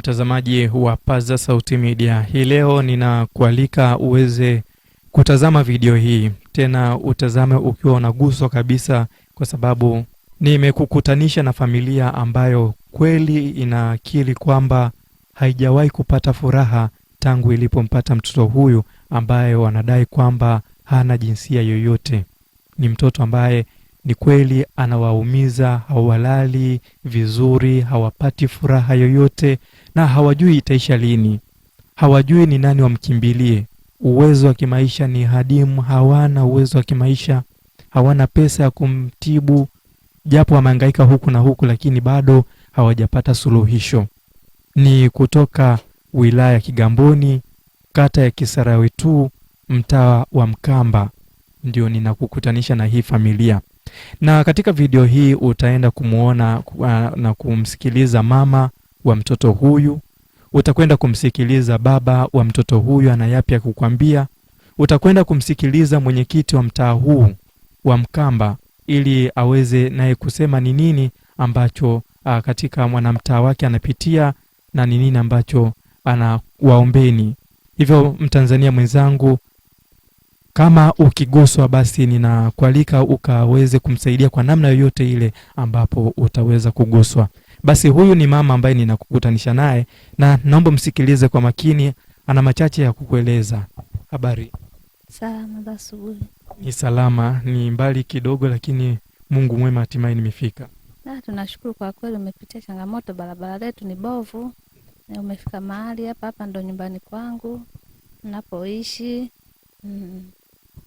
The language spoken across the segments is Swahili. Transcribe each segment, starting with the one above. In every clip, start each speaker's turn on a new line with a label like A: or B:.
A: mtazamaji wa Paza Sauti Media, hii leo ninakualika uweze kutazama video hii tena, utazame ukiwa unaguswa kabisa, kwa sababu nimekukutanisha na familia ambayo kweli inakiri kwamba haijawahi kupata furaha tangu ilipompata mtoto huyu ambaye wanadai kwamba hana jinsia yoyote. Ni mtoto ambaye ni kweli anawaumiza, hawalali vizuri, hawapati furaha yoyote, na hawajui itaisha lini, hawajui ni nani wamkimbilie. Uwezo wa kimaisha ni hadimu, hawana uwezo wa kimaisha, hawana pesa ya kumtibu, japo wamehangaika huku na huku, lakini bado hawajapata suluhisho. Ni kutoka wilaya ya Kigamboni, kata ya Kisarawe tu, mtaa wa Mkamba, ndio ninakukutanisha na hii familia na katika video hii utaenda kumwona na kumsikiliza mama wa mtoto huyu, utakwenda kumsikiliza baba wa mtoto huyu ana yapi ya kukwambia, utakwenda kumsikiliza mwenyekiti wa mtaa huu wa Mkamba ili aweze naye kusema ni nini ambacho a, ah, katika mwanamtaa wake anapitia na ni nini ambacho anawaombeni. Hivyo Mtanzania mwenzangu, kama ukiguswa, basi ninakualika ukaweze kumsaidia kwa namna yoyote ile ambapo utaweza kuguswa. Basi huyu ni mama ambaye ninakukutanisha naye, na naomba msikilize kwa makini, ana machache ya kukueleza. Habari?
B: Salama za asubuhi.
A: Ni salama, ni mbali kidogo, lakini Mungu mwema, hatimaye nimefika.
B: Na tunashukuru kwa kweli, umepitia changamoto, barabara letu ni bovu umefika mahali hapa. Hapa ndo nyumbani kwangu napoishi. mm.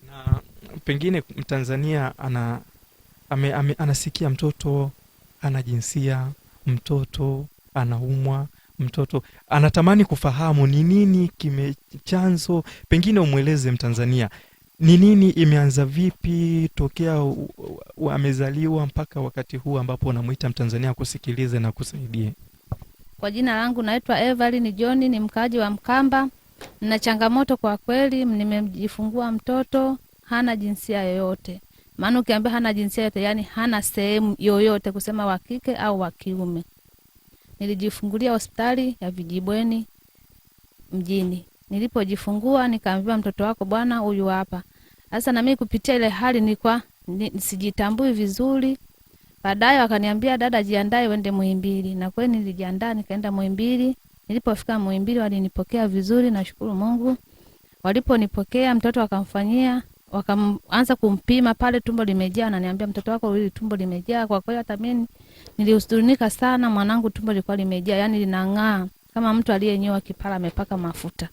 A: na pengine Mtanzania ana, ame, ame, anasikia mtoto ana jinsia mtoto anaumwa, mtoto anatamani kufahamu ni nini kime chanzo. Pengine umweleze Mtanzania ni nini, imeanza vipi tokea amezaliwa mpaka wakati huu ambapo unamwita Mtanzania kusikilize na kusaidie.
B: Kwa jina langu naitwa evelin John, ni mkaaji wa Mkamba. na changamoto kwa kweli, nimemjifungua mtoto hana jinsia yoyote maana ukiambia hana jinsia yote, yani hana sehemu yoyote kusema wa kike au wa kiume. Nilijifungulia hospitali ya Vijibweni mjini. Nilipojifungua nikaambiwa, mtoto wako bwana huyu hapa. Sasa na mimi kupitia ile hali nilikuwa sijitambui vizuri. Baadaye wakaniambia, dada, jiandae uende Muhimbili, na kweli nilijiandaa nikaenda Muhimbili. Nilipofika Muhimbili walinipokea vizuri, nashukuru Mungu. Waliponipokea mtoto akamfanyia wakaanza kumpima pale, tumbo limejaa. Ananiambia mtoto wako huyu tumbo limejaa. Kwa kweli hata mimi nilihuzunika sana, mwanangu tumbo lilikuwa limejaa, yani linang'aa kama mtu aliyenyoa kipara amepaka mafuta.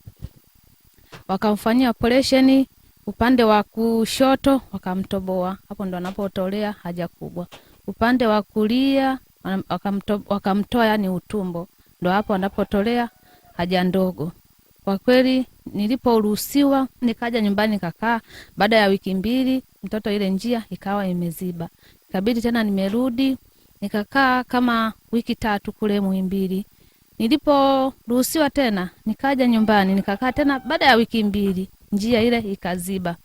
B: Wakamfanyia operation upande wa kushoto, wakamtoboa, hapo ndo anapotolea haja kubwa. Upande wa kulia wakamtoa, wakamtoa yani utumbo, ndo hapo anapotolea haja ndogo. Kwa kweli niliporuhusiwa nikaja nyumbani kakaa. Baada ya wiki mbili, mtoto ile njia ikawa imeziba, ikabidi tena nimerudi nikakaa kama wiki tatu kule Muhimbili. Niliporuhusiwa tena nikaja nyumbani nikakaa tena, baada ya wiki mbili njia ile ikaziba.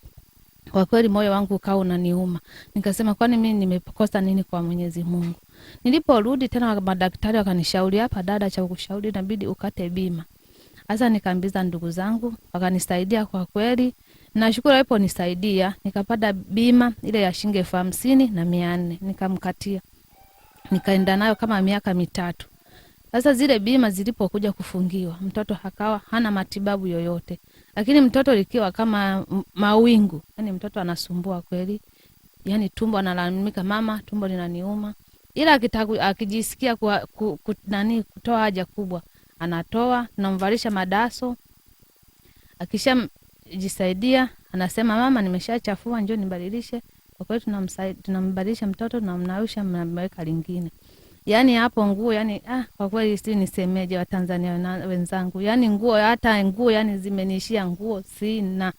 B: Kwa kweli moyo wangu ukawa unaniuma, nikasema kwani mimi nimekosa nini kwa Mwenyezi Mungu? Niliporudi tena madaktari wakanishauri, hapa dada, cha kukushauri inabidi ukate bima. Hasa nikaambiza ndugu zangu, wakanisaidia kwa kweli. Nashukuru nisaidia nikapata bima ile ya shilingi elfu hamsini na mia nne nikamkatia, nikaenda nayo kama miaka mitatu. Sasa zile bima zilipokuja kufungiwa, mtoto akawa hana matibabu yoyote, lakini mtoto likiwa kama mawingu, yani mtoto anasumbua kweli, yani tumbo analalamika, mama, tumbo linaniuma, ila akijisikia ku, ku, ku, nani kutoa haja kubwa anatoa, tunamvalisha madaso. Akishajisaidia anasema mama, nimeshachafua, njoo nibadilishe. Kwa kweli tunambadilisha mtoto, tunamnausha, mnamweka lingine. Yani hapo nguo yani, ah, kwa kweli si nisemeje, Watanzania wenzangu, yani nguo hata nguo yani zimeniishia nguo, sina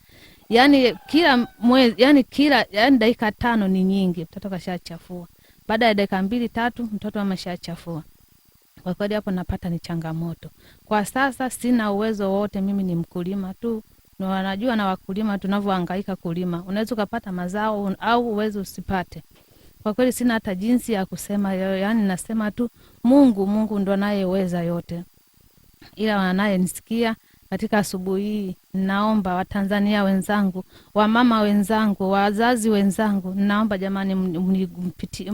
B: yani kila mwezi yani kila yani dakika tano ni nyingi, mtoto kashachafua. Baada ya dakika mbili tatu mtoto ameshachafua. Kwa kweli hapo napata ni changamoto. Kwa sasa sina uwezo wote, mimi ni mkulima tu na wanajua na wakulima tunavyohangaika kulima, unaweza ukapata mazao au uwezi usipate. Kwa kweli sina hata jinsi ya kusema, yaani nasema tu Mungu, Mungu ndo anayeweza yote, ila wanayenisikia katika asubuhi hii, naomba Watanzania wenzangu, wamama wenzangu, wazazi wenzangu, naomba jamani, mpiti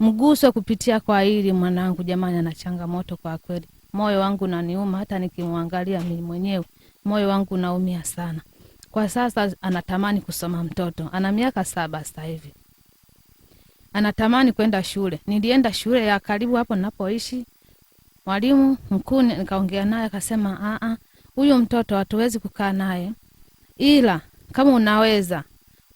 B: mguso kupitia kwa hili mwanangu. Jamani, ana changamoto kwa kweli, moyo wangu naniuma hata nikimwangalia mimi mwenyewe moyo wangu naumia sana. Kwa sasa anatamani kusoma, mtoto ana miaka saba sasa hivi anatamani kwenda shule. Nilienda shule ya karibu hapo ninapoishi, mwalimu mkuu nikaongea naye, akasema a a, huyu mtoto hatuwezi kukaa naye, ila kama unaweza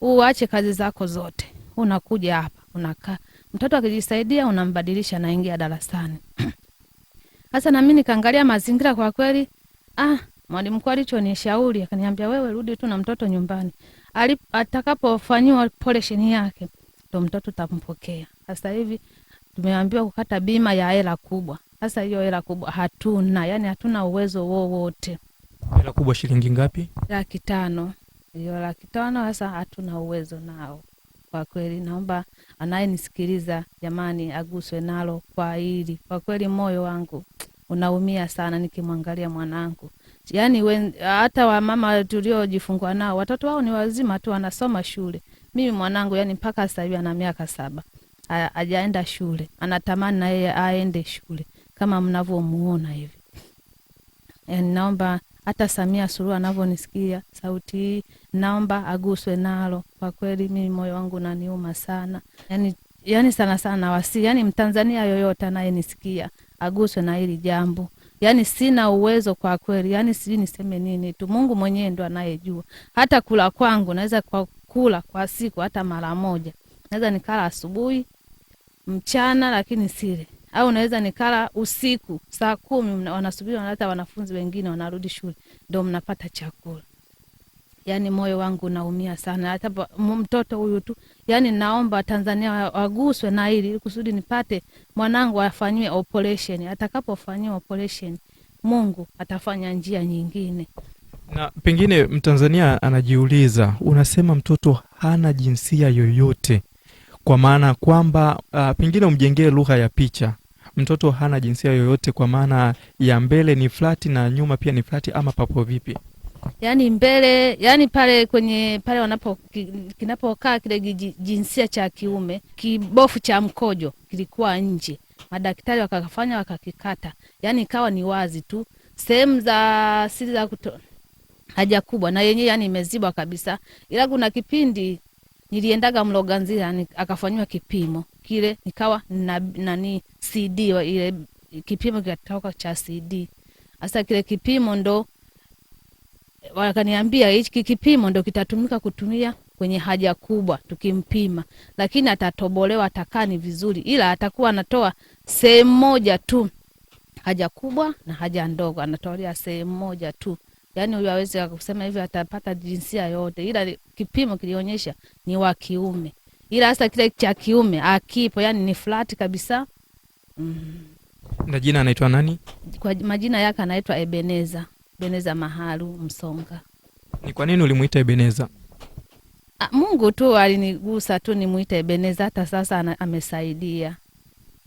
B: uache kazi zako zote, unakuja hapa unakaa Mtoto akijisaidia unambadilisha, naingia darasani. Sasa nami nikaangalia mazingira, kwa kweli ah, mwalimu mkuu alichonishauri akaniambia, wewe rudi tu na mtoto nyumbani, atakapofanyiwa polisheni yake ndo mtoto tampokea. Sasa hivi tumeambiwa kukata bima ya hela kubwa. Sasa hiyo hela kubwa hatuna, yani hatuna uwezo wowote.
A: Hela kubwa shilingi ngapi?
B: Laki tano. Hiyo laki tano sasa hatuna uwezo nao. Kwa kweli naomba anayenisikiliza jamani, aguswe nalo kwa hili. Kwa kweli moyo wangu unaumia sana nikimwangalia mwanangu. Yaani wen, hata wamama tuliojifungua nao watoto wao ni wazima tu, wanasoma shule. Mimi mwanangu yani mpaka sasa hivi ana miaka saba ajaenda shule, anatamani na yeye aende shule kama mnavyomuona hivi. Yani naomba hata Samia Suluhu anavyonisikia sauti hii, naomba aguswe nalo. Kwa kweli mimi moyo wangu naniuma sana, yani yani sana sana wasi, yani Mtanzania yoyote anayenisikia aguswe na hili jambo. Yani sina uwezo kwa kweli, yani sijui niseme nini tu, Mungu mwenyewe ndo anayejua. Hata kula kwangu naweza kwa kula kwa siku hata mara moja, naweza nikala asubuhi, mchana, lakini sile au naweza nikala usiku saa kumi, wanasubiri wanaleta wanafunzi wengine wanarudi shule, ndo mnapata chakula. Yani moyo wangu unaumia sana, hata mtoto huyu tu. Yani naomba Tanzania waguswe na hili kusudi nipate mwanangu afanyiwe operation. Atakapofanyiwa operation, Mungu atafanya njia nyingine.
A: Na pengine Mtanzania anajiuliza, unasema mtoto hana jinsia yoyote kwa maana kwamba uh, pengine umjengee lugha ya picha. Mtoto hana jinsia yoyote, kwa maana ya mbele ni flati na nyuma pia ni flati, ama papo vipi?
B: Yani mbele, yani pale kwenye pale wanapo kinapokaa kile jinsia cha kiume, kibofu cha mkojo kilikuwa nje, madaktari wakafanya wakakikata, yani ikawa ni wazi tu sehemu za siri za kuto haja kubwa na yenyewe yani imezibwa kabisa, ila kuna kipindi niliendaga Mloganzila akafanyiwa kipimo kile, nikawa na, nani CD ile kipimo kikatoka cha CD. hasa kile kipimo ndo wakaniambia hiki kipimo ndo kitatumika kutumia kwenye haja kubwa, tukimpima, lakini atatobolewa, atakaa ni vizuri, ila atakuwa anatoa sehemu moja tu, haja kubwa na haja ndogo, anatolewa sehemu moja tu yani huyu awezi kusema hivyo atapata jinsia yote, ila kipimo kilionyesha ni wa kiume, ila hasa kile cha kiume akipo, yani ni flat kabisa
A: mm. Na jina anaitwa nani?
B: Kwa majina yake anaitwa Ebeneza Beneza Mahalu Msonga.
A: Ni kwa nini ulimuita Ebeneza?
B: A, Mungu tu alinigusa tu nimuite Ebeneza, hata sasa ana, amesaidia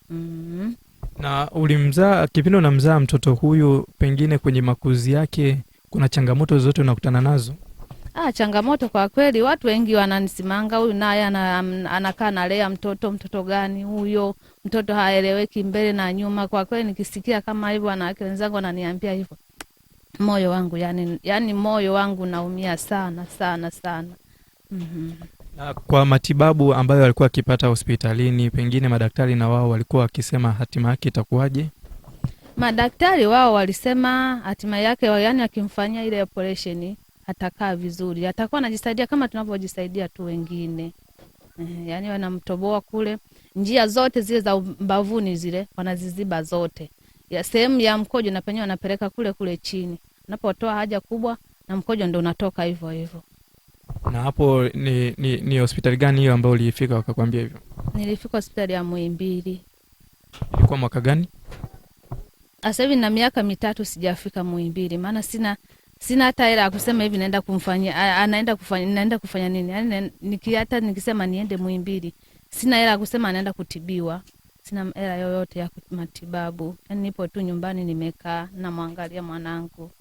A: mm. Na ulimzaa kipindi unamzaa mtoto huyu, pengine kwenye makuzi yake kuna changamoto zote unakutana nazo?
B: Ah, changamoto kwa kweli, watu wengi wananisimanga, huyu naye anakaa nalea mtoto, mtoto gani huyo? Mtoto haeleweki mbele na nyuma. Kwa kweli nikisikia kama hivyo, wanawake wenzangu wananiambia hivyo, moyo wangu yani, yani moyo wangu naumia sana sana sana. mm
A: -hmm. Na kwa matibabu ambayo alikuwa akipata hospitalini, pengine madaktari na wao walikuwa wakisema hatima yake itakuwaje?
B: Madaktari wao walisema hatima yake, yaani akimfanyia ile operation atakaa vizuri, atakuwa anajisaidia kama tunavyojisaidia tu wengine. Eh, yaani wanamtoboa kule, njia zote zile za mbavuni zile wanaziziba zote, ya sehemu ya mkojo na penyewe wanapeleka kule kule chini, unapotoa haja kubwa na mkojo ndo unatoka hivyo hivyo.
A: Na hapo ni, ni, ni hospitali gani hiyo ambayo ulifika wakakwambia hivyo?
B: Nilifika hospitali ya Muhimbili.
A: Ilikuwa mwaka gani?
B: Sasa hivi na miaka mitatu sijafika Muhimbili, maana sina sina hata hela ya kusema hivi naenda kumfanyia anaenda kufanya naenda kufanya nini? yani niki nikisema niende Muhimbili, sina hela ya kusema anaenda kutibiwa. Sina hela yoyote ya matibabu. Yani nipo tu nyumbani nimekaa namwangalia mwanangu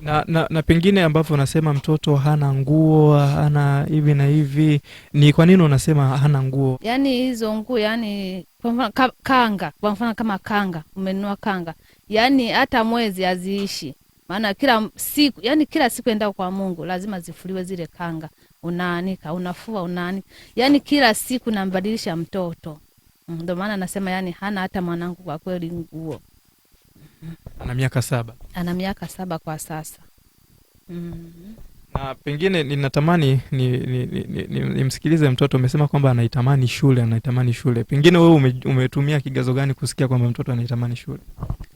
A: na, na, na pengine ambavyo unasema mtoto hana nguo hana hivi na hivi, ni kwa nini unasema hana nguo?
B: Yani hizo nguo yani kwa mfano ka, kanga kwa mfano kama kanga, umenunua kanga, yani hata mwezi haziishi, maana kila siku yani kila siku enda kwa Mungu lazima zifuliwe zile kanga, unaanika unafua, unaanika, yani kila siku nambadilisha mtoto, mm, ndo maana nasema yani hana hata mwanangu kwa kweli nguo.
A: Ana miaka saba.
B: Ana miaka saba kwa sasa.
A: Mm. Na pengine ninatamani nimsikilize ni, ni, ni, ni mtoto. Umesema kwamba anaitamani shule, anaitamani shule. Pengine wewe ume, umetumia kigazo gani kusikia kwamba mtoto anaitamani shule?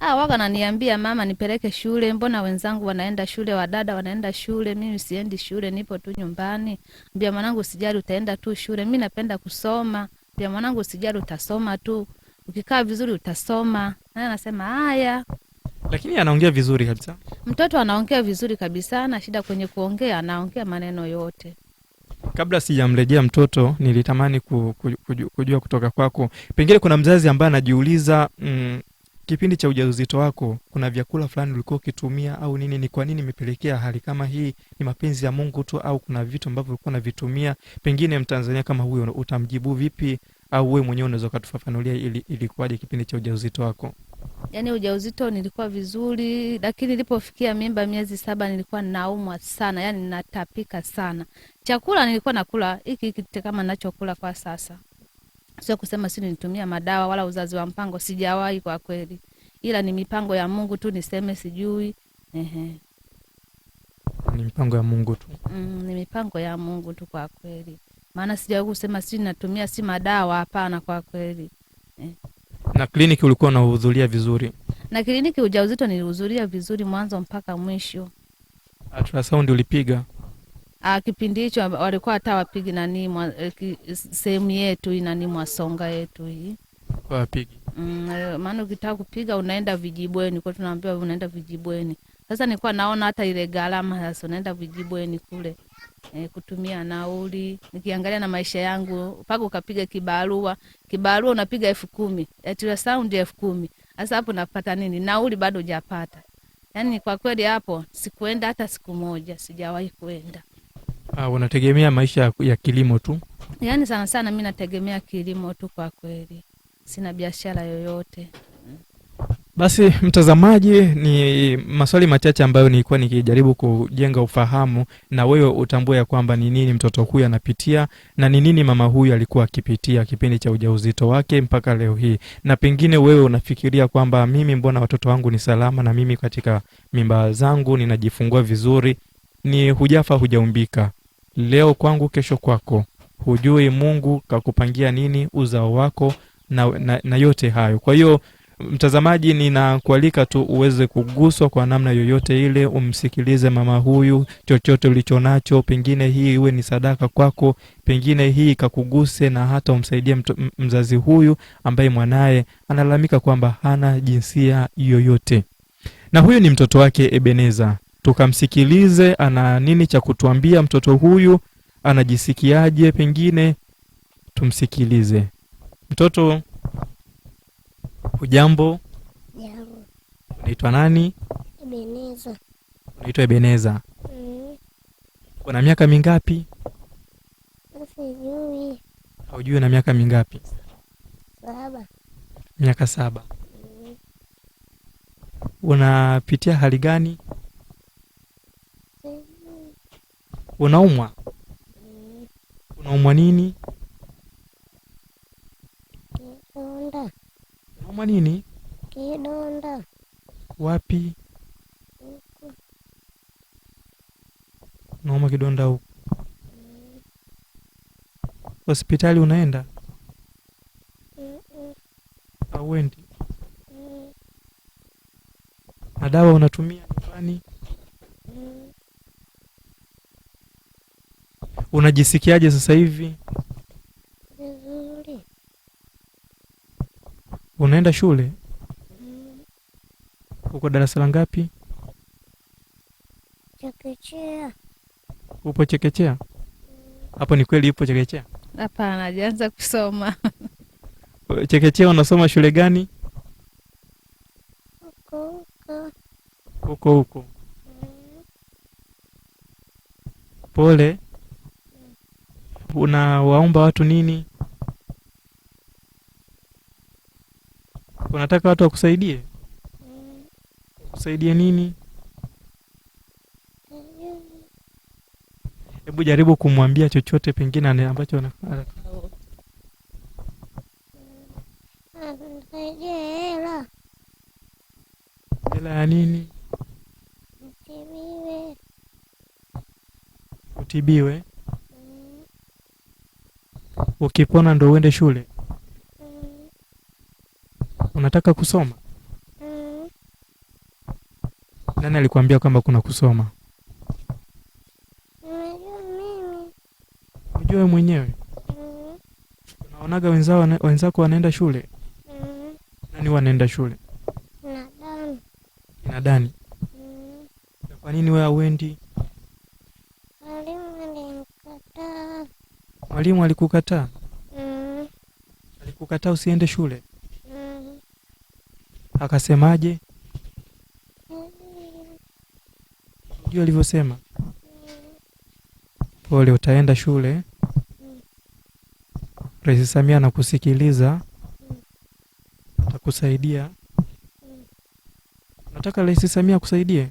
B: Ah, naniambia mama, nipeleke shule, mbona wenzangu wanaenda shule, wadada wanaenda shule, mimi siendi shule, nipo tu nyumbani. Mbia mwanangu, sijari utaenda tu shule, mi napenda kusoma. Mbia mwanangu, sijari utasoma tu ukikaa vizuri utasoma. Naye anasema haya,
A: lakini anaongea vizuri kabisa.
B: Mtoto anaongea vizuri kabisa, ana shida kwenye kuongea, anaongea maneno yote.
A: Kabla sijamrejea mtoto, nilitamani ku, ku, ku, kujua kutoka kwako, pengine kuna mzazi ambaye anajiuliza mm, kipindi cha ujauzito wako kuna vyakula fulani ulikuwa ukitumia au nini? Ni kwa nini imepelekea hali kama hii? Ni mapenzi ya Mungu tu au kuna vitu ambavyo ulikuwa unavitumia? Pengine mtanzania kama huyo utamjibu vipi au wewe mwenyewe unaweza ukatufafanulia ili, ilikuwaje kipindi cha ujauzito wako?
B: Yaani ujauzito nilikuwa vizuri, lakini nilipofikia mimba miezi saba nilikuwa naumwa sana, yaani natapika sana. Chakula nilikuwa nakula hiki hiki kama ninachokula kwa sasa, sio kusema si nilitumia madawa wala uzazi wa mpango, sijawahi kwa kweli, ila ni mipango ya Mungu tu, niseme sijui. Ehe,
A: ni mipango ya Mungu tu
B: mm, ni mipango ya Mungu tu kwa kweli maana sija kusema si natumia si madawa, hapana, kwa kweli eh.
A: Na kliniki ulikuwa unahudhuria vizuri?
B: Na kliniki ujauzito nilihudhuria vizuri mwanzo mpaka mwisho.
A: Ultrasound ulipiga?
B: Ah, kipindi hicho walikuwa hata wapigi nani eh, sehemu yetu hii nani Mwasonga yetu hii wapigi mm, eh, maana mm, ukitaka kupiga unaenda vijibweni, kwa tunaambiwa unaenda vijibweni. Sasa nilikuwa naona hata ile gharama sasa, unaenda vijibweni kule e, kutumia nauli. Nikiangalia na maisha yangu mpaka ukapiga kibarua, kibarua unapiga elfu kumi saundi elfu kumi Sasa hapo napata nini? Nauli bado hujapata. Yaani kwa kweli hapo sikuenda hata siku moja, sijawahi kuenda.
A: Ah, unategemea maisha ya kilimo tu?
B: Yaani sana sana mi nategemea kilimo tu kwa kweli, sina biashara yoyote.
A: Basi mtazamaji, ni maswali machache ambayo nilikuwa nikijaribu kujenga ufahamu na wewe utambue ya kwamba ni nini mtoto huyu anapitia na ni nini mama huyu alikuwa akipitia kipindi cha ujauzito wake mpaka leo hii, na pengine wewe unafikiria kwamba mimi, mbona watoto wangu ni salama na mimi katika mimba zangu ninajifungua vizuri? Ni hujafa hujaumbika, leo kwangu, kesho kwako, hujui Mungu kakupangia nini uzao wako na, na, na yote hayo. Kwa hiyo Mtazamaji, ninakualika tu uweze kuguswa kwa namna yoyote ile, umsikilize mama huyu, chochote ulicho nacho, pengine hii iwe ni sadaka kwako, pengine hii ikakuguse na hata umsaidie mzazi huyu ambaye mwanaye analalamika kwamba hana jinsia yoyote, na huyu ni mtoto wake Ebeneza. Tukamsikilize ana nini cha kutuambia, mtoto huyu anajisikiaje? Pengine tumsikilize mtoto Hujambo? Jambo. Unaitwa nani? Ebeneza. Unaitwa Ebeneza. Mm. Una miaka mingapi? Sijui. Haujui una miaka mingapi? Saba. Miaka saba. Mm. Unapitia hali gani? Mm. Unaumwa? Mm. Unaumwa nini? Kidonda. Umwa nini? Kidonda. Wapi? Huku. Nauma kidonda huku. Mm. Hospitali unaenda? Mm -mm. Auendi? Mm. Na dawa unatumia nyumbani? Mm. Unajisikiaje sasa hivi? Vizuri. Unaenda shule? Uko darasa la ngapi? Chekechea. Upo chekechea? Hapo ni kweli upo chekechea?
B: Hapana, hajaanza kusoma.
A: Chekechea unasoma shule gani? Huko huko. Huko pole. Mm. Unawaomba watu nini? Unataka watu wakusaidie? kusaidie nini? Hebu jaribu kumwambia chochote pengine ambacho hela. Hela ya nini? Utibiwe. Utibiwe? Ukipona ndo uende shule? unataka kusoma? Mm. Nani alikwambia kwamba kuna kusoma? Nimejua mimi. Unajua wewe mwenyewe? Mm. Unaonaga wenzao wenzako wanaenda shule? Mm. Nani wanaenda shule? Nadani. Nadani. Mm. Kwa nini wewe hauendi? Mwalimu alikukataa? Mm. Alikukataa usiende shule? Akasemaje? Ndio alivyosema. Pole, utaenda shule. Rais Samia anakusikiliza, atakusaidia. Nataka Rais Samia akusaidie.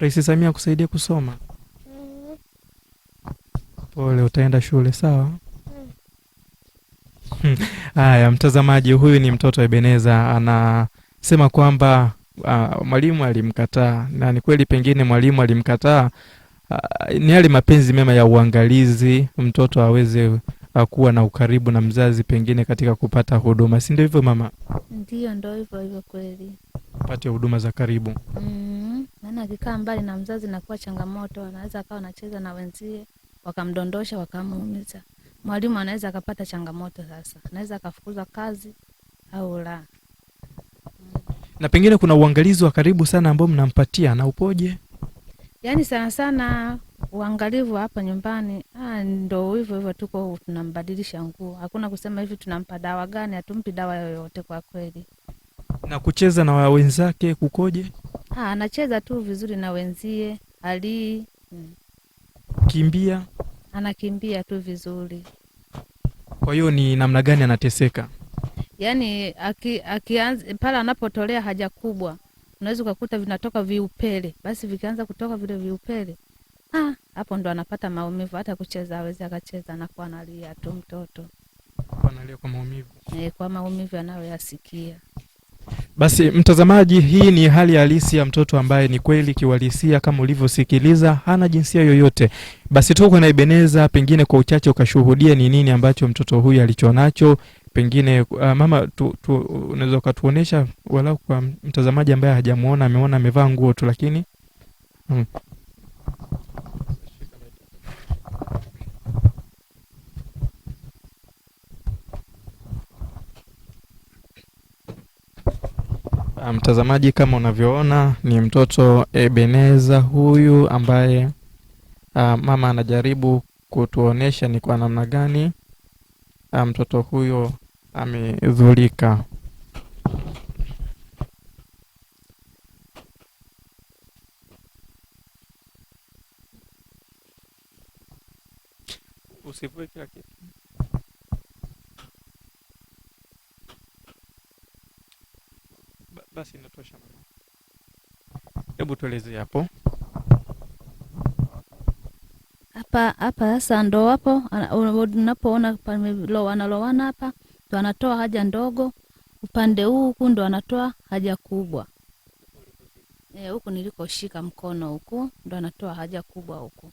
A: Rais Samia akusaidie kusoma Pole, utaenda shule sawa? Hmm. Haya, mtazamaji, huyu ni mtoto Ebeneza anasema kwamba uh, mwalimu alimkataa, na ni kweli, pengine mwalimu alimkataa. Uh, ni yale mapenzi mema ya uangalizi, mtoto aweze ah, kuwa na ukaribu na mzazi, pengine katika kupata huduma, si ndio hivyo mama?
B: Ndio, ndio hivyo hivyo, kweli
A: pate huduma za karibu.
B: Mm, maana akikaa mbali na mzazi nakuwa changamoto, anaweza akawa anacheza na wenzie wakamdondosha wakamuumiza. Mwalimu anaweza akapata changamoto sasa, anaweza akafukuza kazi au la.
A: Na pengine kuna uangalizi wa karibu sana ambao mnampatia na upoje?
B: Yaani sana sana uangalivu hapa nyumbani ah, ndo hivyo hivyo, tuko tunambadilisha nguo, hakuna kusema hivi tunampa dawa gani, hatumpi dawa yoyote kwa kweli.
A: Na kucheza na wenzake kukoje?
B: Ha, ah, anacheza tu vizuri na wenzie alii. Hmm. Anakimbia, anakimbia tu vizuri.
A: Kwa hiyo ni namna gani anateseka?
B: Yaani aki, pale anapotolea haja kubwa, unaweza ukakuta vinatoka viupele, basi vikianza kutoka vile viupele ah, hapo ndo anapata maumivu. Hata kucheza awezi akacheza, anakuwa analia tu mtoto,
A: analia kwa maumivu
B: e, kwa maumivu anayoyasikia.
A: Basi mtazamaji, hii ni hali halisi ya mtoto ambaye ni kweli kiuhalisia, kama ulivyosikiliza, hana jinsia yoyote. Basi na Ebeneza, pengine kwa uchache ukashuhudia ni nini ambacho mtoto huyu alichonacho. Pengine uh, mama, unaweza ukatuonesha walau kwa mtazamaji ambaye hajamuona, ameona amevaa nguo tu, lakini hmm. Ah, mtazamaji, kama unavyoona ni mtoto Ebeneza huyu ambaye a, ah, mama anajaribu kutuonesha ni kwa namna gani a, ah, mtoto huyo amedhulika. Usivue kila kitu. tuelezee hapo
B: hapa hapa. Sasa ndo hapo unapoona pamelowana hapa, ndo anatoa haja ndogo, upande huu huku ndo anatoa haja kubwa e, huku nilikoshika mkono huku ndo anatoa haja kubwa huku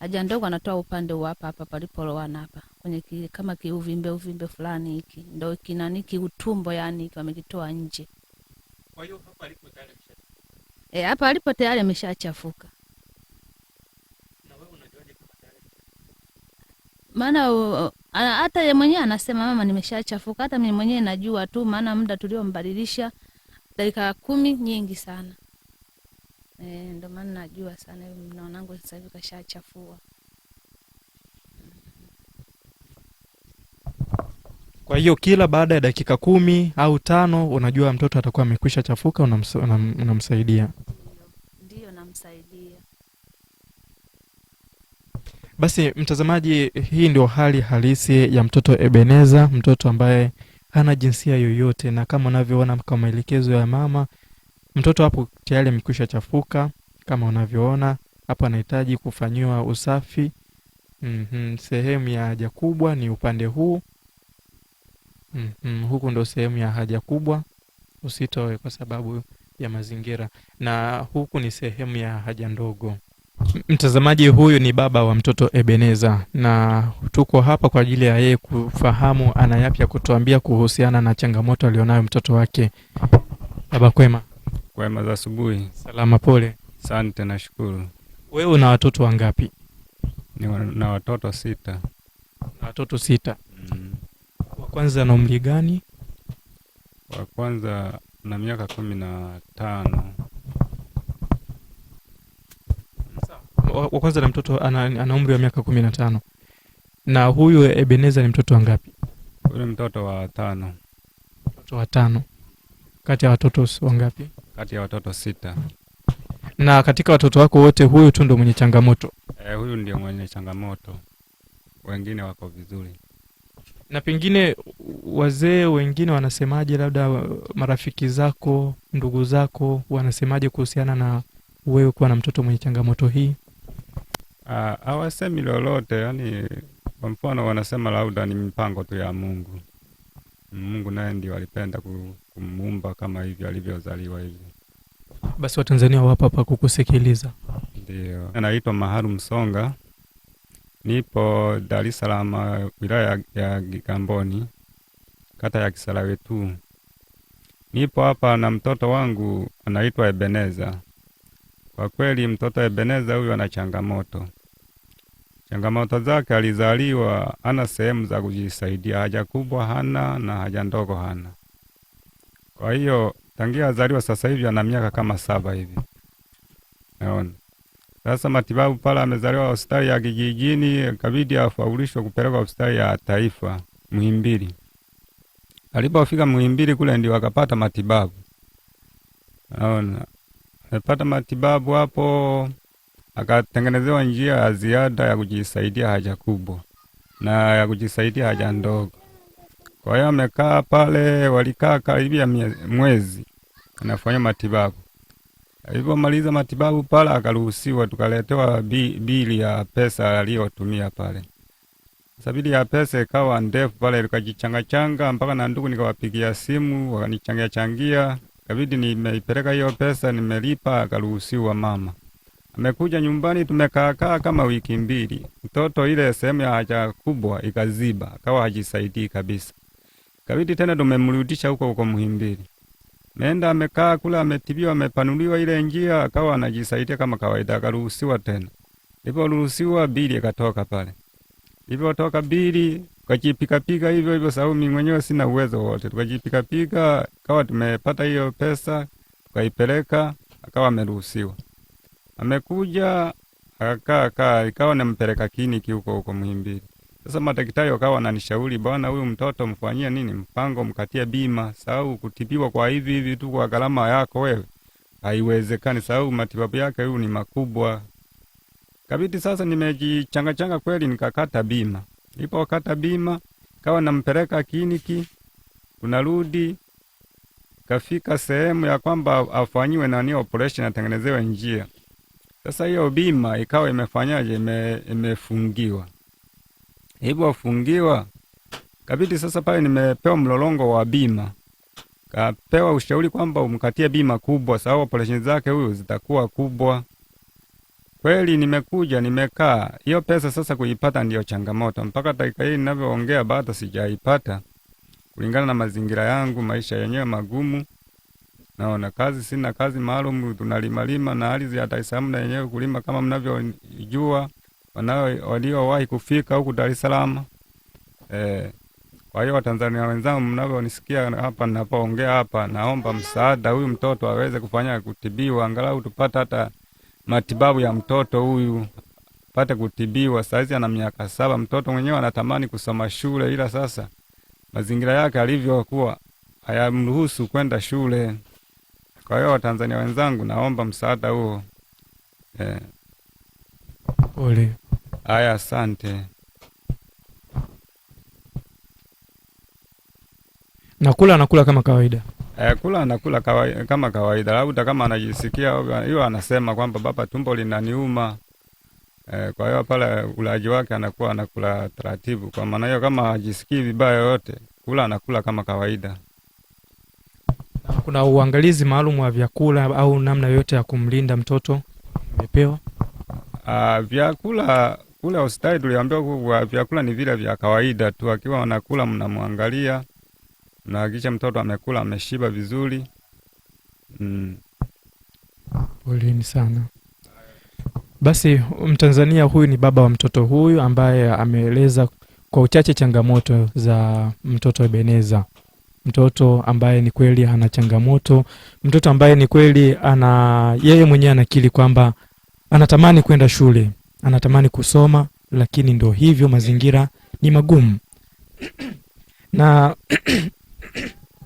B: haja ndogo anatoa upande wa hapa hapa palipolowana hapa kwenye ki, kama kiuvimbe uvimbe fulani hiki ndo kinani kiutumbo yani wamekitoa nje. Kwa hiyo hapa alipo tayari E, hapa alipo tayari ameshachafuka. Maana uh, uh, hata yeye mwenyewe anasema mama, nimeshachafuka. Hata mimi mwenyewe najua tu, maana muda tuliombadilisha dakika kumi nyingi sana. E, ndio maana najua sana mnaonangu sasa hivi kashachafua.
A: Kwa hiyo kila baada ya dakika kumi au tano unajua mtoto atakuwa amekwisha chafuka, unamsaidia
B: ndio, namsaidia.
A: Basi mtazamaji, hii ndio hali halisi ya mtoto Ebeneza, mtoto ambaye hana jinsia yoyote, na kama unavyoona kwa maelekezo ya mama, mtoto hapo tayari amekwisha chafuka. Kama unavyoona hapo, anahitaji kufanyiwa usafi. mm -hmm. Sehemu ya haja kubwa ni upande huu mm, mm, huku ndo sehemu ya haja kubwa, usitoe kwa sababu ya mazingira, na huku ni sehemu ya haja ndogo. Mtazamaji huyu ni baba wa mtoto Ebeneza, na tuko hapa kwa ajili ya yeye kufahamu ana yapi ya kutuambia kuhusiana na changamoto alionayo mtoto wake. Baba kwema.
C: Kwema za asubuhi.
A: Salama, pole.
C: Asante, nashukuru.
A: Wewe una watoto wangapi?
C: Ni na watoto sita.
A: Na watoto sita. Mm kwanza na umri gani?
C: Wa kwanza na miaka kumi na tano.
A: Wa kwanza na mtoto ana, ana umri wa miaka kumi na tano. Na huyu Ebeneza ni mtoto wa ngapi?
C: Huyu ni mtoto wa tano.
A: Mtoto wa tano kati ya watoto wangapi?
C: Kati ya watoto sita.
A: Na katika watoto wako wote huyu tu ndo mwenye changamoto?
C: Eh, huyu ndio mwenye changamoto, wengine wako vizuri.
A: Na pengine wazee wengine wanasemaje, labda marafiki zako, ndugu zako wanasemaje kuhusiana na wewe kuwa na mtoto mwenye changamoto hii?
C: Ah, hawasemi lolote, yani kwa mfano wanasema labda ni mpango tu ya Mungu. Mungu naye ndio alipenda kumuumba kama hivyo alivyozaliwa hivyo.
A: Basi Watanzania wapo hapa kukusikiliza.
C: Ndio, anaitwa Maharu Msonga. Nipo Dar es Salaam, uh, wilaya ya Kigamboni, kata ya Kisarawetu. Nipo hapa na mtoto wangu anaitwa Ebeneza. Kwa kweli mtoto Ebeneza huyu ana changamoto. Changamoto zake, alizaliwa ana sehemu za kujisaidia, haja kubwa hana na haja ndogo hana. Kwa hiyo tangia azaliwa, sasa hivi ana miaka kama saba hivi, naona sasa matibabu pale amezaliwa hospitali ya kijijini, kabidi afaulishwe kupelekwa hospitali ya taifa Muhimbili. Alipofika Muhimbili kule ndio akapata matibabu. Naona amepata matibabu hapo, akatengenezewa njia ya ziada ya kujisaidia haja kubwa na ya kujisaidia haja ndogo. Kwa hiyo amekaa pale, walikaa karibia mwezi anafanya matibabu. Alivyomaliza matibabu pale akaruhusiwa, tukaletewa bili ya pesa aliyotumia pale. Sabili ya pesa ikawa ndefu pale, likajichangachanga mpaka na ndugu nikawapigia simu wakanichangia changia, kabidi nimeipeleka hiyo pesa, nimelipa, akaruhusiwa. Mama amekuja nyumbani, tumekaakaa kama wiki mbili, mtoto ile sehemu ya haja kubwa ikaziba, akawa hajisaidii kabisa, kabidi tena tumemrudisha huko huko Muhimbili. Nenda amekaa kula, ametibiwa, amepanuliwa ile njia, akawa anajisaidia kama kawaida, akaruhusiwa tena. Ndipo ruhusiwa bili akatoka pale. Hivyo toka bili tukajipika pika hivyo hivyo, sababu mimi mwenyewe sina uwezo wote, tukajipika pika kawa tumepata hiyo pesa, tukaipeleka akawa ameruhusiwa. Amekuja akakaa kaa, ikawa nampeleka kliniki huko huko Muhimbili. Sasa madaktari wakawa wananishauri, bwana, huyu mtoto mfanyie nini, mpango, mkatie bima, sababu kutibiwa kwa hivi hivi tu kwa gharama yako wewe haiwezekani, sababu matibabu yake huyu ni makubwa kabidi. Sasa nimejichangachanga kweli, nikakata bima. Ipo Nilipokata bima, kawa nampeleka kliniki, unarudi kafika sehemu ya kwamba afanyiwe nani operation, atengenezewe njia. Sasa hiyo bima ikawa imefanyaje, imefungiwa ime hivyo wafungiwa kabidi. Sasa pale nimepewa mlolongo wa bima, kapewa ushauri kwamba umkatie bima kubwa, sababu operesheni zake huyu zitakuwa kubwa. Kweli nimekuja nimekaa, hiyo pesa sasa kuipata ndiyo changamoto. Mpaka dakika hii ninavyoongea bado sijaipata, kulingana na mazingira yangu, maisha yenyewe magumu. Naona kazi sina kazi maalum, tunalimalima na ardhi ya Dar es Salaam na yenyewe kulima kama mnavyojua wanao waliowahi kufika huku Dar es Salaam eh. Kwa hiyo Watanzania wenzangu, mnavyonisikia hapa ninapoongea hapa, naomba msaada, huyu mtoto aweze kufanya kutibiwa, angalau tupate hata matibabu ya mtoto huyu pate kutibiwa. Saizi ana miaka saba, mtoto mwenyewe anatamani kusoma shule, ila sasa mazingira yake alivyokuwa hayamruhusu kwenda shule. Kwa hiyo Watanzania wenzangu, naomba msaada huo eh. Pole. Haya, asante.
A: Nakula anakula kama kawaida
C: eh, kula anakula kawaida, kama kawaida, labda kama anajisikia hiyo, anasema kwamba baba, tumbo linaniuma eh, kwa hiyo pale ulaji wake anakuwa anakula taratibu. Kwa maana hiyo, kama hajisikii vibaya yoyote, kula anakula kama kawaida.
A: Kuna uangalizi maalum wa vyakula au namna yoyote ya kumlinda mtoto imepewa?
C: Ah, vyakula kule hospitali tuliambiwa vyakula ni vile vya kawaida tu, akiwa wanakula mnamwangalia, mnahakikisha mtoto amekula ameshiba vizuri. Mm.
A: sana. Basi Mtanzania huyu ni baba wa mtoto huyu ambaye ameeleza kwa uchache changamoto za mtoto Ebeneza, mtoto ambaye ni kweli ana changamoto, mtoto ambaye ni kweli ana yeye mwenyewe anakiri kwamba anatamani kwenda shule anatamani kusoma, lakini ndio hivyo, mazingira ni magumu na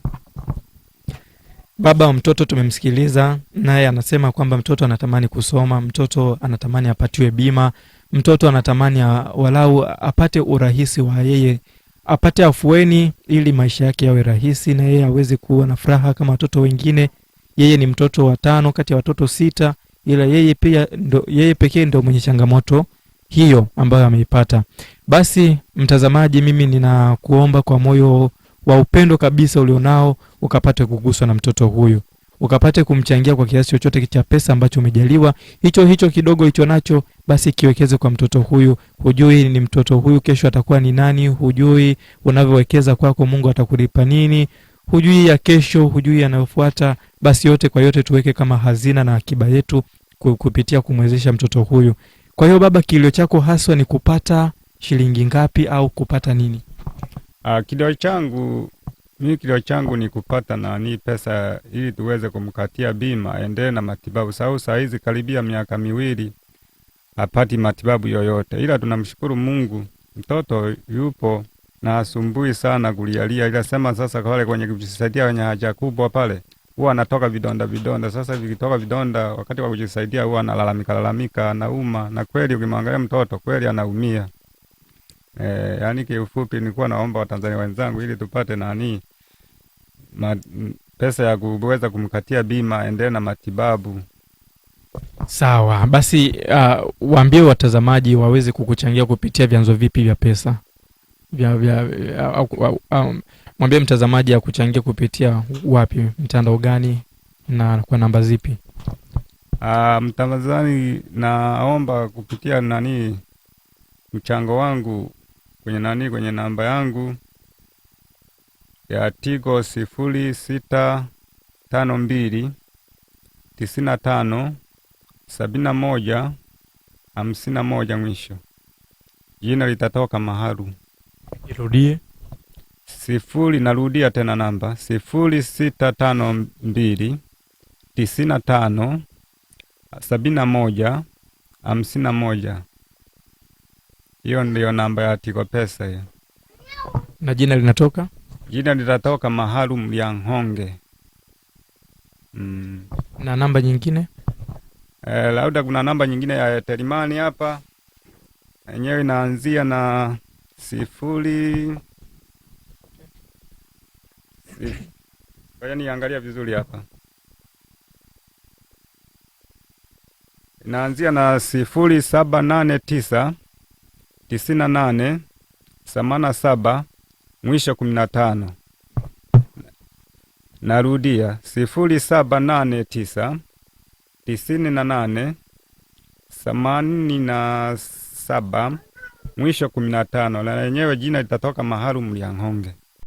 A: baba wa mtoto tumemsikiliza, naye anasema kwamba mtoto anatamani kusoma, mtoto anatamani apatiwe bima, mtoto anatamani walau apate urahisi wa yeye apate afueni, ili maisha yake yawe rahisi na yeye aweze kuwa na furaha kama watoto wengine. Yeye ni mtoto wa tano kati ya watoto sita, ila yeye pia ndo, yeye pekee ndo mwenye changamoto hiyo ambayo ameipata. Basi mtazamaji, mimi ninakuomba kwa moyo wa upendo kabisa ulionao ukapate kuguswa na mtoto huyu, ukapate kumchangia kwa kiasi chochote cha pesa ambacho umejaliwa, hicho hicho kidogo hicho nacho, basi kiwekeze kwa mtoto huyu. Hujui ni mtoto huyu kesho atakuwa ni nani, hujui unavyowekeza kwako Mungu atakulipa nini hujui ya kesho, hujui yanayofuata. Basi yote kwa yote tuweke kama hazina na akiba yetu kupitia kumwezesha mtoto huyu. Kwa hiyo baba, kilio chako haswa ni kupata shilingi ngapi au kupata nini?
C: Ah, kilio changu mimi, kilio changu ni kupata nani pesa ili tuweze kumkatia bima aendelee na matibabu, sababu saa hizi karibia miaka miwili hapati matibabu yoyote, ila tunamshukuru Mungu mtoto yupo na asumbui sana kulialia, ila sema sasa kale kwenye kujisaidia wenye haja kubwa pale huwa anatoka vidonda vidonda. Sasa vikitoka vidonda, wakati wa kujisaidia huwa analalamika lalamika, anauma, na kweli ukimwangalia mtoto kweli anaumia. E, yani kiufupi, nilikuwa naomba Watanzania wenzangu ili tupate nani ma, pesa ya kuweza kumkatia bima endelee na matibabu.
A: Sawa basi, uh, waambie watazamaji waweze kukuchangia kupitia vyanzo vipi vya pesa? vya, vya, mwambie mtazamaji akuchangia kupitia wapi, mtandao gani na kwa namba zipi?
C: Uh, ah, mtangazaji, naomba kupitia nani mchango wangu kwenye nani kwenye namba yangu ya Tigo sifuri sita tano mbili tisini na tano sabini na moja hamsini na moja mwisho jina litatoka maharu. Irudie. Sifuri, narudia tena namba sifuri sita tano mbili tisini na tano sabini na moja hamsini na moja. Hiyo ndiyo namba ya Tigo Pesa hiyo.
A: Na jina linatoka?
C: Jina litatoka Mahalu Lyanhonge.
A: Mm. Na namba nyingine
C: eh, labda kuna namba nyingine ya Telimani hapa yenyewe inaanzia na sifuri Ngoja niangalia vizuri hapa, inaanzia na sifuri saba nane tisa tisini na nane themanini na saba mwisho kumi na tano. Narudia sifuri saba nane tisa tisini na nane themanini na saba Mwisho kumi na tano, na lenyewe jina litatoka mahali mliang'onge.